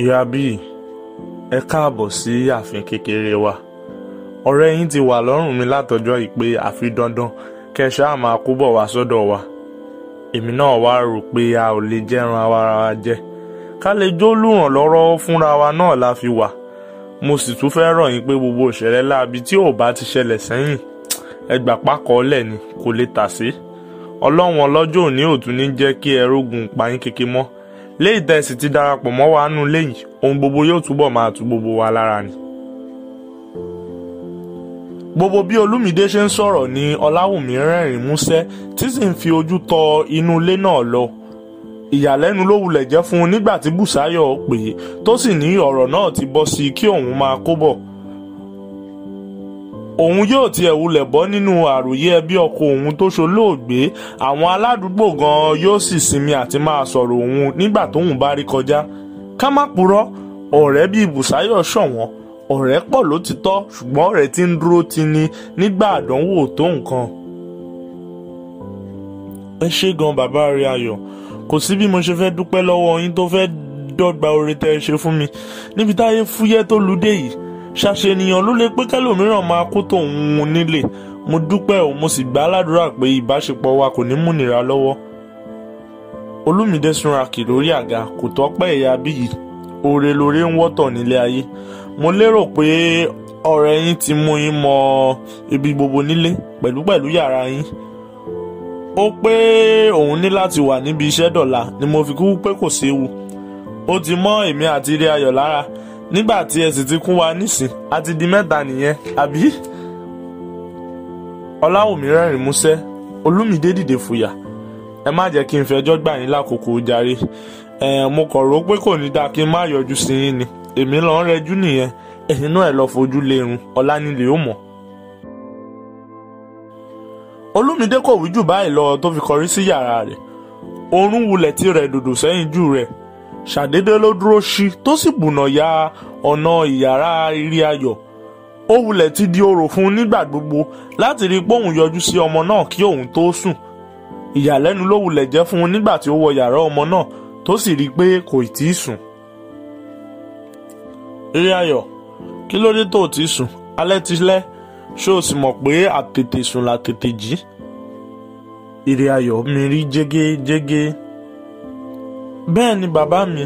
ìyá bíi ẹ káàbọ̀ sí ààfin kékeré wa ọ̀rẹ́ yín ti wà lọ́rùn mi látọjọ́ yìí pé àfi dandan kẹ́ ṣáà máa kó bọ̀ wá sọ́dọ̀ wa èmi náà wá rò pé a ò lè jẹ́ran ara wa jẹ ká lè jó lùrànlọ́rọ́ fúnra wa náà la fi wà mo sì tún fẹ́ rọ̀ yín pé gbogbo ìṣẹ̀lẹ̀ láabi tí ò bá ti ṣẹlẹ̀ sẹ́yìn ẹgbà pákọ̀ lẹ̀ ni kò lè tà sí ọlọ́run ọlọ́jọ́ òní òtún ní jẹ́ kí ẹrógun pààyàn kékeré mọ́ lẹ́yìn tẹ́sí ti darapọ̀ mọ́ wa nù lẹ́yìn ohun gbogbo yóò túbọ̀ máa tu gbogbo wa lára ni. gbogbo bí Olúmídé ṣe ń sọ̀rọ̀ ni Ọláwùmí rẹ́rìn músẹ́ tí sì ń fi ojú tọ inú ilé náà lọ. ìyàlẹ́nu ló wulẹ̀ jẹ́ fún un nígbà tí Bùsáyọ̀ pè é tó sì ní ọ̀rọ̀ náà ti bọ́ sí i kí òun máa kó òun yóò tiẹ̀ wulẹ̀ bọ́ nínú àròyé ẹbí ọkọ òun tó ṣolóògbé àwọn aládùúgbò gan-an yóò sì sinmi àti máa sọ̀rọ̀ òun nígbà tóun bá rí kọjá ká má purọ́ ọ̀rẹ́ bíi Bùsáyọ̀ ṣọ̀wọ́n ọ̀rẹ́ pọ̀ lótìtọ́ ṣùgbọ́n ọ̀rẹ́ tí ń dúró ti ni nígbà àdánwò tó nǹkan. ẹ ṣé gan bàbá rẹ ayọ̀ kò sí bí mo ṣe fẹ́ dúpẹ́ lọ́wọ́ yín tó fẹ́ dọ́gba oore tẹ́ ṣe fún mi níbi táyé fúyẹ́ tó lu dé yìí ṣàṣe ènìyàn ló lè pé kẹ́lòmíràn máa kó tòun mu nílé mo dúpẹ́ o mo sì gbà á ládùúrà pé ìbáṣepọ̀ wa kò ní múnira lọ́wọ́ olùmídé súnra kì lórí àga kò tọ́pẹ́ ẹ̀yà bíyì oore lóore ń wọ́tọ̀ nílé ayé mo lérò pé ọ̀rẹ́ yín ti mú yín mọ ibi gbogbo nílé pẹ̀lúpẹ̀lú yàrá yín ó pé òun ní láti wà níbi iṣẹ́ dọ̀la ni mo fi kú pé kò séwu ó ti mọ́ èmi àti ilé ayọ̀ lára nígbà tí ẹ sì ti kún wa nísìn a ti di mẹ́ta nìyẹn àbí. ọláwùmí rẹ́rìn músẹ́ olúmídé dìde fòyà ẹ má jẹ́ kí n fẹjọ́ gbà yín lákòókò jàre ẹ mo kàn rò pé kò ní dáa kí n má yọjú sí yín ni èmi lọ ń rẹjú nìyẹn ẹ̀yin náà ẹ lọ fojú lérun ọlá nílé ó mọ̀. olúmídé kò wí jù báyìí lọ tó fi kọrí sí yàrá rẹ̀ oorun wulẹ̀ ti rẹ̀ dòdò sẹ́yìn jù rẹ̀ ṣàdédé ló dúró ṣí tó sì bùnà ya ọ̀nà ìyàrá irí ayọ̀ ó wulẹ̀ ti di orò fún un nígbà gbogbo láti rí i pé òun yọjú sí ọmọ náà kí òun tó sùn ìyàlẹ́nu ló wulẹ̀ jẹ́ fún un nígbà tí ó wọ yàrá ọmọ náà tó sì rí i pé kò tí ì sùn. irí ayọ̀ kí ló dé tó o ti sùn alẹ́ ti lẹ́ ṣé o sì mọ̀ pé àtètè sùn là tètè jí. irí ayọ̀ mi rí jégéjégé bẹ́ẹ̀ ni bàbá mi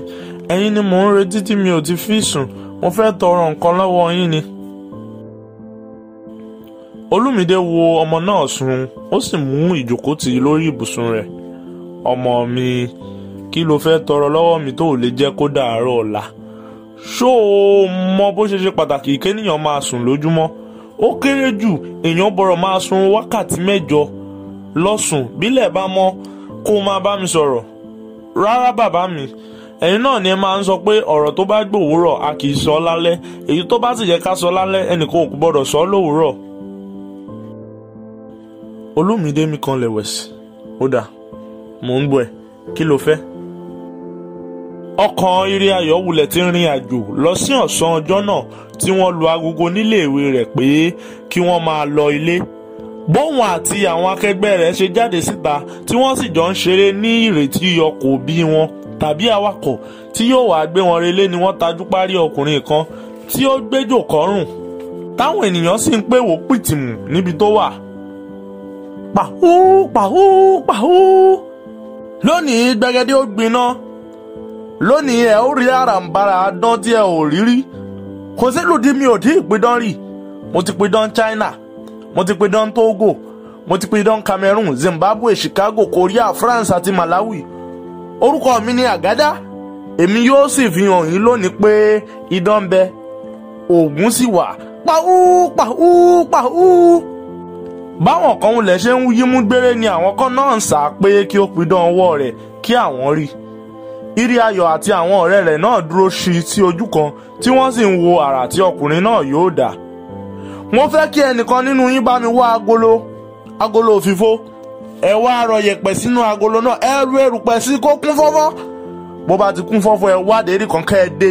ẹ̀yin ni mò ń retí tí mi ò ti fi sùn mo fẹ́ tọrọ nǹkan lọ́wọ́ yín ni. olùmídé wo ọmọ náà sùn ó sì mú ìjòkótì lórí ibùsùn rẹ̀ ọmọ mi kí lo fẹ́ tọrọ lọ́wọ́ mi tó lè jẹ́ kó dàárọ̀ ọ̀la ṣó o mọ bó ṣe ṣe pàtàkì kéèyàn máa sùn lójúmọ́ ó kéré jù èèyàn bọ̀rọ̀ máa sun wákàtí mẹ́jọ lọ́sùn bílẹ̀ bá mọ́ kó máa bá mi sọ̀rọ̀ rárá bàbá mi ẹ̀yin náà ni ẹ máa ń sọ pé ọ̀rọ̀ tó bá gbòwúrọ̀ a kì í sọ lálẹ́ èyí tó bá sì yẹ ká sọ lálẹ́ ẹnìkan ò gbọ́dọ̀ sọ lówùúrọ̀. olùmídé mi kan lẹ̀wẹ̀sì ó dà mò ń gbọ́ ẹ kí lo fẹ́. ọkàn eré ayọ̀ wulẹ̀ ti rin àjò lọ sí ọ̀sán ọjọ́ náà tí wọ́n lu agogo níléèwé rẹ̀ pé kí wọ́n máa lọ ilé bóun àti àwọn akẹgbẹ́ rẹ̀ ṣe jáde síta tí wọ́n sì jọ ń ṣeré ní ìrètí ọkọ̀ òbí wọn tàbí awakọ̀ tí yóò wá gbé wọn relé ni wọ́n tajú párí ọkùnrin kan tí ó gbẹ́jò kọ́rùn táwọn ènìyàn sì ń pè wò pìtìmù níbi tó wà. pàhó pàhó pàhó lónìí gbẹgẹdẹ ó gbiná lónìí ẹ ó rí àràǹbarà dán tí ẹ ò rí rí kò sílùú tí mi ò tí ì pidán mo ti pidán China mo ti pe dán Togo mo ti pe dán Cameroon Zimbabwe Chicago Korea France àti Malawi orúkọ mi ni àgádá èmi yóò sì fi hàn yín lónìí pé idán ń bẹ òògùn sì wà pàú pàú pàú. báwọn kan wulẹ̀ ṣe ń yímú gbére ni àwọn kan náà ń sá pé kí ó pidán ọwọ́ rẹ̀ kí àwọn rí irí ayọ̀ àti àwọn ọ̀rẹ́ rẹ̀ náà dúró sí i sí ojú kan tí wọ́n sì ń wo àrà tí ọkùnrin náà yóò dà mo fẹ́ kí ẹnìkan nínú yín bá mi wá agolo agolo òfìfo ẹ wá arọ yẹ̀pẹ̀ sínú agolo náà ẹ rú erùpẹ̀ sí kó kún fọ́fọ́ bó bá ti kún fọ́fọ́ ẹ wá dérí kan kẹ́ ẹ dé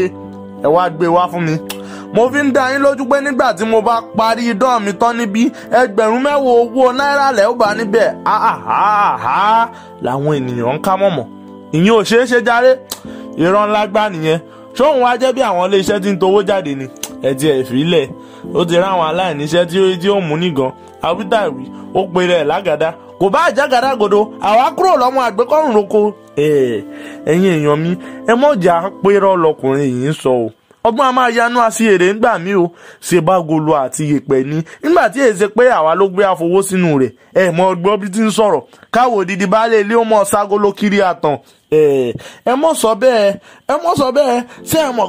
ẹ wá gbé wá fún mi mo fi ń dá yín lójú pé nígbà tí mo bá parí idán mi tán níbí ẹgbẹ̀rún mẹ́wàá owó náírà lẹ́ ó bá níbẹ̀ áhàhàhà ah, ah, ah, làwọn ènìyàn ń ká mọ̀mọ̀ ìyẹn ò ṣeé ṣe jàre ìran ńlá gbá nìyẹn ṣóun wá jẹ́ bí àwọn iléeṣẹ́ tí ń towó jáde ni ẹ̀jẹ̀ ìfilẹ̀ ó ti ráwọn aláìníṣẹ́ tí ó mú nígan awítàwí ó pe rẹ̀ lágàdá kò bá àjàgàdá gòdò àwa kúrò lọ́mọ àgbékọ́rùn roko. ẹ̀yin èèyàn mi ẹ mọ̀jà péré ọlọkùnrin yìí ń sọ o ọgbọ́n a máa yanu àti èrè ńgbà mí o ṣe bá golo àti yèpẹ̀ ní. nígbà tí èsè pé àwa ló gbé àfọwọ́ sínú rẹ̀ ẹ mọ ọgbọ́n bí ti ń sọ̀rọ̀ káwọ́ òdìdí baálé ilé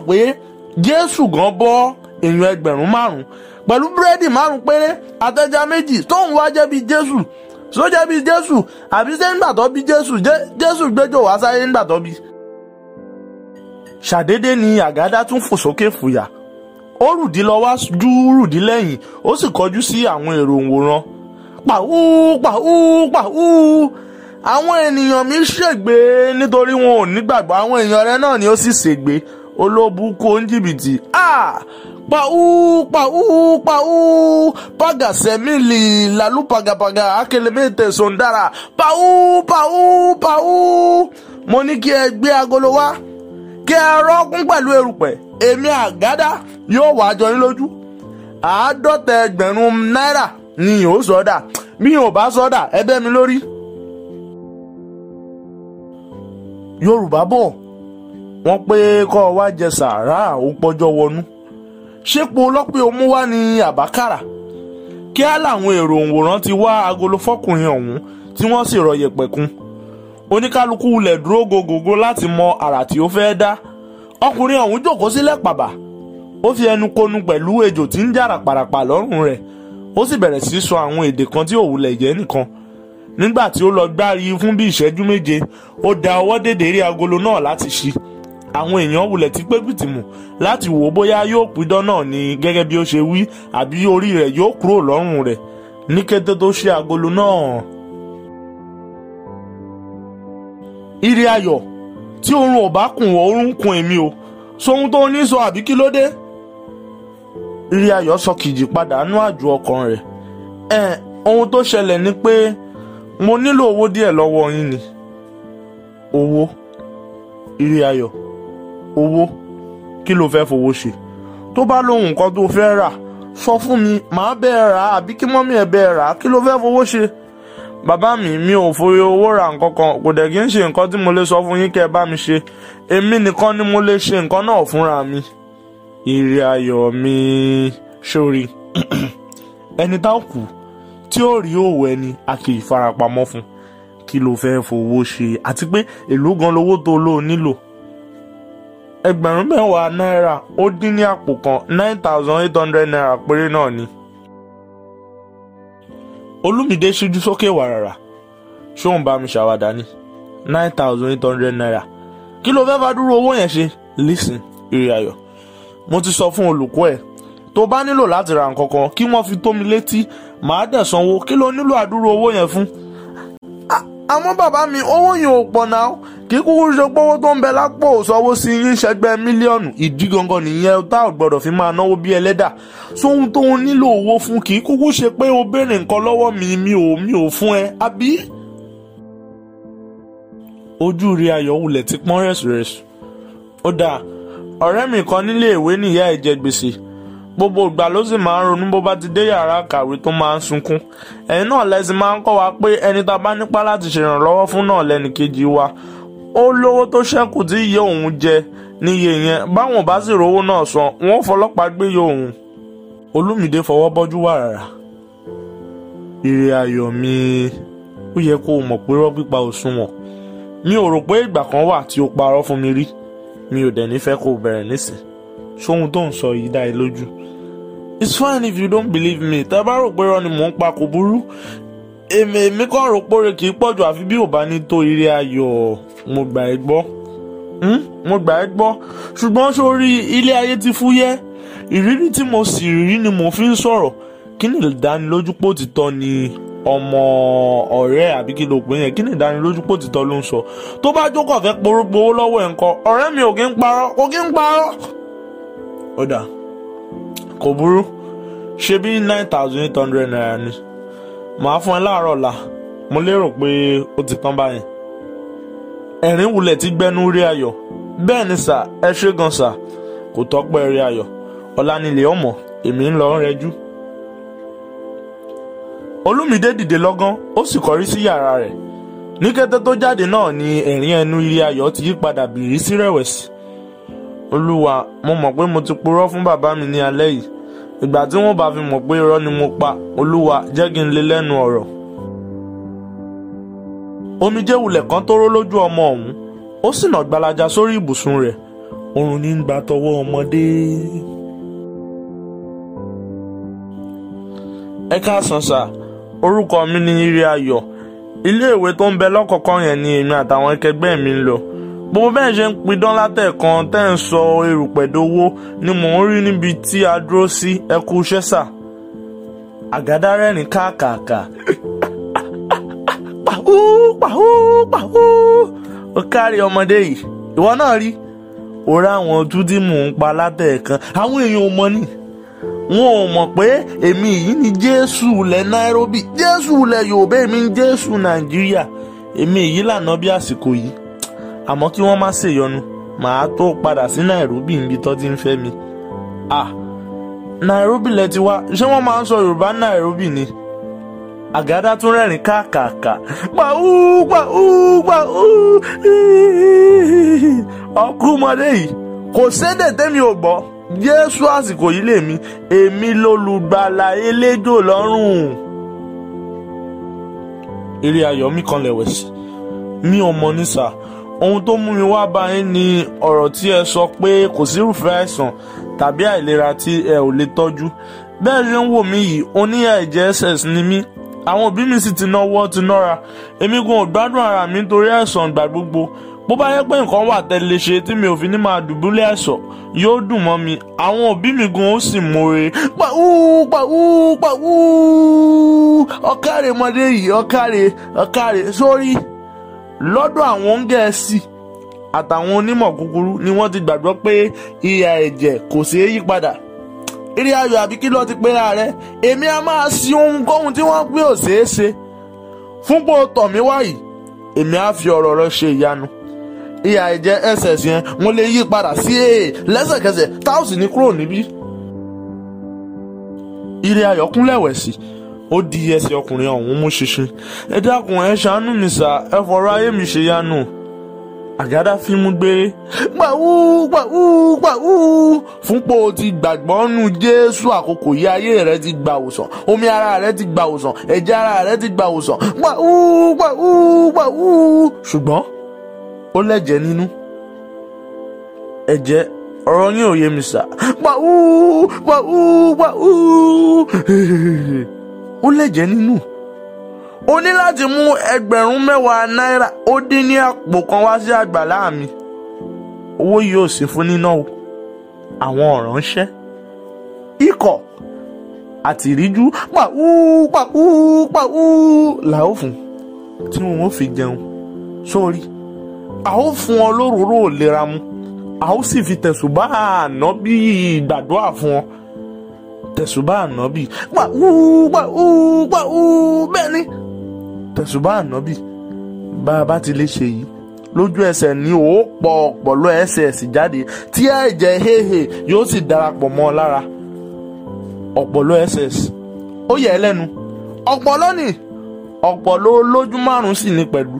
ó jésù gan bọ́ èèyàn ẹgbẹ̀rún márùn pẹ̀lú búrẹ́dì márùn péré àtẹja méjì tóun wá jẹ́ bí jésù sójà bí jésù àbí ṣé nígbà tó bí jésù jésù gbẹ́jọ́ wá sáyé nígbà tó bí. ṣàdédé ni àgádá tún fò sókè fòyà ó rùdí lọ wá ju rùdí lẹ́yìn ó sì kọjú sí àwọn èrò òǹwòran pàwú pàwú pàwú àwọn ènìyàn mi ṣègbè nítorí wọn ò nígbàgbọ́ àwọn èèyàn rẹ náà ni ó sì ṣègbè olóbùkún oníjìbìtì pàú pàú pàú paga sẹ́mìlì làlú pagapaga akẹlẹ́mẹ́tẹ̀ sọ̀ndàrà pàú pàú pàú mo ní kí ẹ gbé agolo wá kí ẹ rọ́ọ̀kún pẹ̀lú erùpẹ̀ èmi àgádá yóò wá jọ yín lójú àádọ́ta ẹgbẹ̀rún náírà ni yóò sọ̀dà bí yóò bá sọ̀dà ẹ bẹ́ mi lórí. yorùbá bọ̀ wọ́n pé kọ́ ọ wá jẹ sàárà ó pọ́jọ́ wọnú ṣépo ọlọ́pẹ́ omú wá ní àbákàrà kíá làwọn èrò òǹwòrán ti wá agolo fọkùnrin ọ̀hún tí wọ́n sì rọ yẹ̀pẹ̀ kún oníkálukú lẹ̀ dúró gògògó láti mọ àrà tí ó fẹ́ẹ́ dá ọkùnrin ọ̀hún jókòó sílẹ̀ pàbà ó fi ẹnu konu pẹ̀lú ejò tí ń jàrà pàràpà lọ́rùn rẹ̀ ó sì bẹ̀rẹ̀ sí sọ àwọn èdè kan tí òwúlẹ̀ jẹ́ nìkan nígbà tí ó lọ gbárí fún bí ìṣẹ́jú méje ó da ọwọ́ dédé rí agolo náà láti ṣí i àwọn èèyàn wulẹ̀ ti gbé pìtìmù láti wò ó bóyá yóò pidán náà ni gẹ́gẹ́ bí ó ṣe wí àbí orí rẹ̀ yóò kúrò lọ́rùn rẹ̀ ní kété tó ṣe agolo náà. ire ayọ̀ tí oorun ò bá kùn wọ́ oorun kùn èmi o sóhun tó ní sọ àbí kí ló dé. ire ayọ̀ sọ kìjì padà nú àjò ọkàn rẹ̀ ẹ ohun tó ṣẹlẹ̀ ni pé mo nílò owó díẹ̀ lọ́wọ́ yín ni owó ire ayọ̀ owó kí ló fẹ́ fowó ṣe tó bá lóhùn nǹkan tó fẹ́ rà sọ fún mi màá bẹ́ẹ̀ rà àbí kí mọ́mí ẹ̀ bẹ́ẹ̀ rà kí ló fẹ́ fowó ṣe bàbá mi mi ò forí owó ra nǹkan kan kò dẹ̀ kí n ṣe nǹkan tí mo lè sọ fún yín kẹ́ ẹ bá mi ṣe èmi nìkan ni mo lè ṣe nǹkan náà fúnra mi ìrì ayọ̀ mi sórí ẹni tá kù tí ó rí òwò ẹni a kì í farapamọ́ fún kí ló fẹ́ fowó ṣe àti pé èló gan lowó tó lóò nílò ẹgbẹ̀rún mẹ́wàá náírà ó dín ní àpò kan nine thousand eight hundred naira péré náà ni. olùmídé ṣíjú sókè wàràrà ṣóun bá mi ṣàwádà ni nine thousand eight hundred naira kí ló fẹ́ẹ́ fa dúró owó yẹn ṣe listen ire ayọ̀ mo ti sọ fún olùkọ́ ẹ̀ tó bá nílò láti ra nǹkan kan kí wọ́n fi tó mi létí màá dẹ̀ sanwó kí ló nílò àdúró owó yẹn fún. àmọ́ bàbá mi owó yẹn ò pọ̀ náà kíkúkú ṣe pówó tó ń bẹ lápò sọ́wọ́ sí yín ṣẹgbẹ́ mílíọ̀nù ìdí gangan nìyẹn tá ò gbọ́dọ̀ fi máa náwó bí ẹlẹ́dà sóhun tó ń nílò owó fún kíkúkú ṣe pé o béèrè nǹkan lọ́wọ́ mi mi ò mi ò fún ẹ àbí. ojú rí ayọ̀ wulẹ̀ ti pọ́n rẹ̀sùrẹ̀sù ó dáa ọ̀rẹ́ mi kan nílé ìwé nìyá ẹ̀ gbèsè gbogbo ìgbà ló sì máa ń ronú bó bá ti dé yàrá kàwé tó máa ń sunkún ẹ̀yin náà lẹ́sìn máa ń kọ́ wa pé ẹni tá a bá nípa láti ṣèrànlọ́wọ́ fún náà lẹ́nìkejì wa ó lówó tó ṣẹ́kù tí iye òun jẹ níye yẹn báwọn bá sì rówó náà san wọn fọlọ́pàá gbé iye òun olùmìdé fọwọ́ bọ́jú wàràrà ire ayọ̀ mi ó yẹ kó o mọ̀ pé irọ́ pípa ò sunwọ̀n mi ò rò pé ìgbà kan wà tí o parọ́ fún mi rí mi ò dẹ̀ nífẹ̀ẹ́ kó o bẹ̀rẹ̀ nísìn ṣóhun tó ń sọ yìí dá ẹ lójú it's fine if you don't believe me tẹ bá rò pé irọ́ ni mò ń pa kò burú èmi èmi kọ́ rò póre kì í pọ̀jù àfi bí ò bá ní tó ire ayọ̀ mo gbà ẹ́ gbọ́ hmm? mo gbà ẹ́ gbọ́ ṣùgbọ́n sórí ilé ayé ti fúyẹ́ ìrírí tí mo sì rí ni mo fi ń sọ̀rọ̀ kí ni ìdánilójú pò títọ́ ni ọmọ ọ̀rẹ́ àbí kí ló pè yẹn kí ni ìdánilójú pò títọ́ ló ń sọ tó bá jókòó fẹ́ porógbó owó lọ́wọ́ ẹ̀ ń kọ ọ̀rẹ́ mi ò kí ń parọ́ kò kí ń parọ́. ó dà kò burú ṣe bí nine thousand eight hundred naira ni màá fún ẹ láàárọ̀ ọ̀la mo lérò pé ó ti kán báyẹn. ẹ̀rín wulẹ̀ ti gbẹ́nu rí ayọ̀ bẹ́ẹ̀ ni sà ẹ ṣe gan sà kò tọ́pẹ́ rí ayọ̀ ọ̀la nílẹ̀ ọmọ èmi ń lọ rẹjú. olùmídé dìde lọ́gán ó sì kọrí sí yàrá rẹ̀ ní kété tó jáde náà ni ẹ̀rín ẹnu rí ayọ̀ ti yí padà bìrí sí rẹ̀wẹ̀sì. olúwa mo mọ̀ pé mo ti purọ́ fún bàbá mi ní alẹ́ yìí ìgbà tí wọ́n bá fi mọ̀ pé irọ́ ni mo pa olúwa jẹ́ kí n lè lẹ́nu ọ̀rọ̀. omijé wulẹ̀ kan tóró lójú ọmọ ọ̀hún ó sì nà gbalaja sórí ibùsùn rẹ̀ oorun ní gbà tọwọ́ ọmọdé. ẹ káàsán sà orúkọ mi ni ire ayọ̀ iléèwé tó ń bẹ lọ́kọ̀ọ̀kan yẹn ni èmi àtàwọn akẹgbẹ́ mi ń lọ gbogbo bẹ́ẹ̀ ṣe ń pidán látẹ̀kan tẹ́ ń sọ erùpẹ̀ dowó ni mò ń rí níbi tí a dúró sí ẹkú ṣẹ́sà àgádá rẹ́rìn káàkàkà pàhú pàhú pàhú ó kárí ọmọdé yìí ìwọ náà rí òrà àwọn túdímù ń pa látẹ̀kan àwọn èèyàn ò mọ ni wọn ò mọ̀ pé èmi yìí ni jésù ilẹ̀ nairobi jésù ilẹ̀ yorùbá èmi ni jésù nàìjíríà èmi yìí lànà bí àsìkò yìí. àmọ́ kí wọ́n má ṣèyọnu màá tó padà sí Nairobi níbi tó ti ń fẹ́ mi. ah Nairobi lẹ ti wá ṣé wọ́n máa ń sọ Yorùbá Nairobi ni. àgádá tún rẹ́rìn káàkàkà pàú pàú pàú ọkùnmọdé yìí kò sédè tẹ́mi ò gbọ́ Jésù àsìkò yìí lèmi èmi lólùgbàlà eléjò lọ́rùn. eré ayọ̀ mi kan lẹ̀wẹ̀ sí mi ò mọ ní sáà ohun tó mú mi wá bá yín ni ọ̀rọ̀ tí ẹ sọ pé kò sí irúfẹ́ àìsàn tàbí àìlera tí ẹ ò lè tọ́jú bẹ́ẹ̀ ṣe ń wò mí yìí oníyà ẹ̀jẹ̀ ss ni mí àwọn òbí mi sì ti náwó ti nára èmi gan ò gbádùn ara mi nítorí àìsàn ìgbà gbogbo bó bá yẹ pé nǹkan wà tẹ́lẹ̀ ṣe tí mi ò fi ní máa dùbúlẹ̀ àìsàn yóò dùn mọ́ mi àwọn òbí mi gan ó sì mòore pàwú pàwú pàwú ọ̀kàrè mọ́dé yìí ọ̀kàrè ọ̀kàrè sórí lọ́dọ̀ àwọn gẹ̀ẹ́sì àtàwọn onímọ̀ kúkúrú ni wọ́n ti gbàgbọ́ pé ìhà ẹ̀jẹ̀ kò ṣeé yí padà eré ayọ̀ àbí kí ló ti pé ààrẹ èmi a máa ṣe ohunkóhun tí wọ́n pé ò ṣeé ṣe fún pé o tọ̀ mí wáyìí èmi á fi ọ̀rọ̀ rẹ ṣe ìyanu ìhà ẹ̀jẹ̀ ss yẹn wọ́n lè yí padà sí èè lẹ́sẹ̀kẹsẹ̀ táùsì ní kúrò níbí eré ayọ̀ kúnlẹ̀ wẹ̀ ó di ẹsẹ̀ ọkùnrin ọ̀hún mú ṣinṣin ẹ dákun ẹ ṣàánú mi sá ẹ fọ̀rọ̀ ayé mi ṣe yánu àgádá fíìmù gbére gbàwú gbàwú gbàwú fúnpò ti gbàgbọ́ nù jésù àkókò yí ayé rẹ ti gbà òsàn omi ara rẹ ti gbà òsàn ẹ̀jẹ̀ ara rẹ ti gbà òsàn gbàwú gbàwú gbàwú ṣùgbọ́n ó lẹ́jẹ̀ nínú ẹ̀jẹ̀ ọ̀rọ̀ yín ò yé mi sá gbàwú gbàwú gbàwú. ó lẹ̀jẹ̀ nínú o ní láti mú ẹgbẹ̀rún mẹ́wàá náírà ó dín ní àpò kan wá sí àgbàlá mi owó yóò sì fún níná o àwọn ọ̀ránṣẹ́ ikọ̀ àti ìríjú pàwú pàwú pàwú là ó fún tí wọn ò fi jẹun sórí a ó fún ọ lóróró ìlera mu a ó sì fi tẹ̀sùbá àná bí ìgbàdúrà fún ọ tẹ̀sùbá ànábì wà wúú wà wúú wà wúú bẹ́ẹ̀ ni tẹ̀sùbá ànábì bá a bá ti lè ṣe yìí lójú ẹsẹ̀ ni ó pọ̀ ọ̀pọ̀lọ́ ẹsẹ̀ sì jáde tí ẹ̀jẹ̀ hehe yóò sì darapọ̀ mọ́ ọ lára ọ̀pọ̀lọ́ ẹsẹ̀ ó yẹ ẹ lẹ́nu ọ̀pọ̀lọ́ ni ọ̀pọ̀lọ́ olójú márùn sì ní pẹ̀lú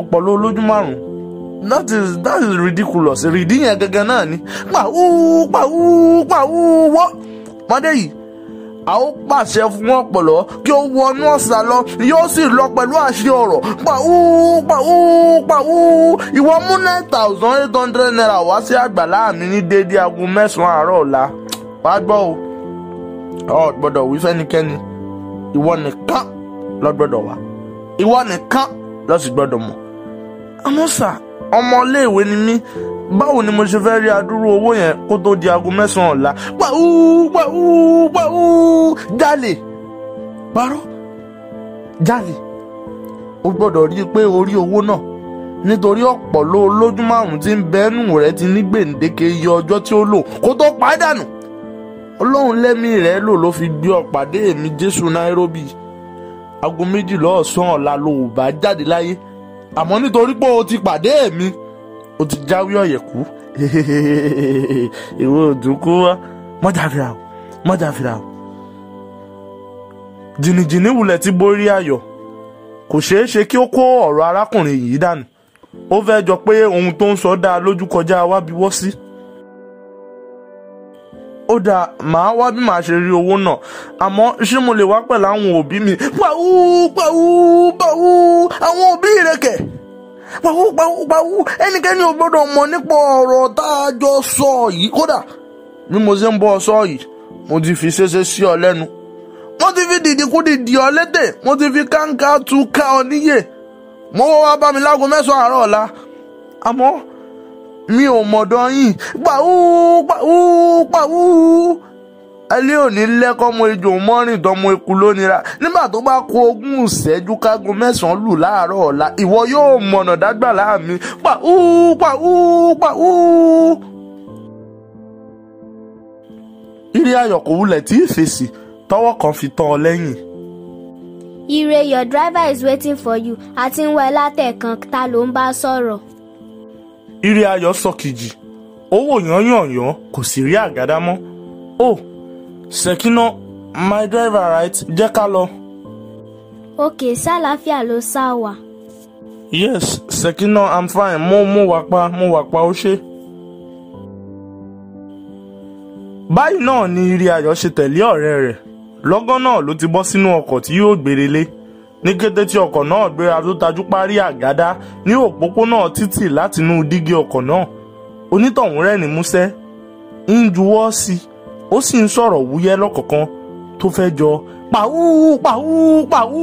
ọ̀pọ̀lọ́ olójú márùn that is that is ridiculous ìrìdí yẹn gẹ́gẹ́ náà ni pàwọ́ pàwọ́ pàwọ́ wọ́ àpọ́nlé yìí a ó pàṣẹ fún ọ̀pọ̀lọ́ kí ó wọnú ọ̀sà lọ yóò sì lọ pẹ̀lú àṣẹ ọ̀rọ̀ pàwú pàwú pàwú ìwọ mú nine thousand eight hundred naira wá sí àgbàlá mi ní déédé aago mẹ́sàn-án àárọ̀ ọ̀la wàá gbọ́ o ọ̀ gbọ́dọ̀ wí fẹ́nikẹ́ni ìwọ nìkan ló gbọ́dọ̀ wá ìwọ nìkan ló sì gbọ́dọ̀ mọ̀ àmọ́ sà ọmọléèwé ni mí báwo ni mo ṣe fẹ́ rí adúrú owó yẹn kó tó di aago mẹ́sàn-án ọ̀la pàú pàú pàú jalè parọ́ jalè o gbọ́dọ̀ rí i pé o rí owó náà nítorí ọ̀pọ̀ ló lójú márùn-ún tí ń bẹ́ẹ̀nù rẹ̀ ti ní gbèǹdéke iye ọjọ́ tí ó lò kó tó pàdánù ọlọ́run lẹ́mìí rẹ̀ lò ló fi gbé ọ̀pàdé èmi jésù nairobi aago méjìlá ọ̀sán ọ̀la ló bá jáde láyé àmọ́ nítorí pé o ti pàdé èmi ó ti jáwé ọ̀yẹ̀kú ìwọ òdùn kó wá mọ́jàfìrà o mọ́jàfìrà o jìnnìjìnnì wulẹ̀ ti borí ayọ̀ kò ṣeé ṣe kí ó kó ọ̀rọ̀ arákùnrin yìí dànù ó fẹ́ jọ pé ohun tó ń sọ dáa lójú kọjá wá bíwọ́ sí. ó dáa màá wá bí màá ṣe rí owó náà àmọ́ ṣé mo lè wá pẹ̀lú àwọn òbí mi pàwú pàwú pàwú àwọn òbí rẹ̀ kẹ̀ pawú pawú pawú ẹnikẹ́ni ò gbọ́dọ̀ mọ̀ nípa ọ̀rọ̀ tá a jọ sọ yìí kódà bí mo ṣe ń bọ́ ọ sọ yìí mo ti fi ṣeéṣe sí ọ lẹ́nu mo ti fi dìdíkúdì dì ọ létè mo ti fi káńká tu ká ọ níyè mo wọ́ wá bá mi láago mẹ́sàn-án àárọ̀ ọ̀la àmọ́ mi ò mọ̀dọ̀ yín pawú pawú alẹ́ òní lẹ́kọ́mọ ejò mọ́rin dánmọ eku lónira nígbà tó bá kó ogún ìṣẹ́jú kágun mẹ́sàn-án lù láàárọ̀ ọ̀la ìwọ yóò mọ̀nà dágbà láàmì pa úú pa úú pa úú. ire ayọ̀ kò wulẹ̀ tí ì fèsì tọwọ́ kan fi tọ́ ọ lẹ́yìn. ire your driver is waiting for you àti ń wá ẹ látẹ̀kan ta ló ń bá sọ̀rọ̀. ire ayọ̀ sọ kìjì ó wò yán yàn yán kò sì rí àgádá mọ́ ó. Oh, Sekina, my driver right, jẹ́ ká lọ. Ok, ṣàlàáfíà ló sá wà. Yes, Sekina, I'm fine. Mo mo wà pa, mo wà pa ó ṣe. Báyìí náà ni Ire Ayọ̀ ṣe tẹ̀lé ọ̀rẹ́ rẹ̀. Lọ́gán náà ló ti bọ́ sínú ọkọ̀ tí yóò gbére lé ní kété tí ọkọ̀ náà gbéra tó tajú parí àgádá ní òpópónà títì látinú dígí ọkọ̀ náà onítọ̀hún rẹ̀ ní músẹ́ ń juwọ́ sí i ó sì ń sọ̀rọ̀ wúyẹ́ lọ́kọ̀ọ̀kan tó fẹ́ jọ pàwú pàwú pàwú.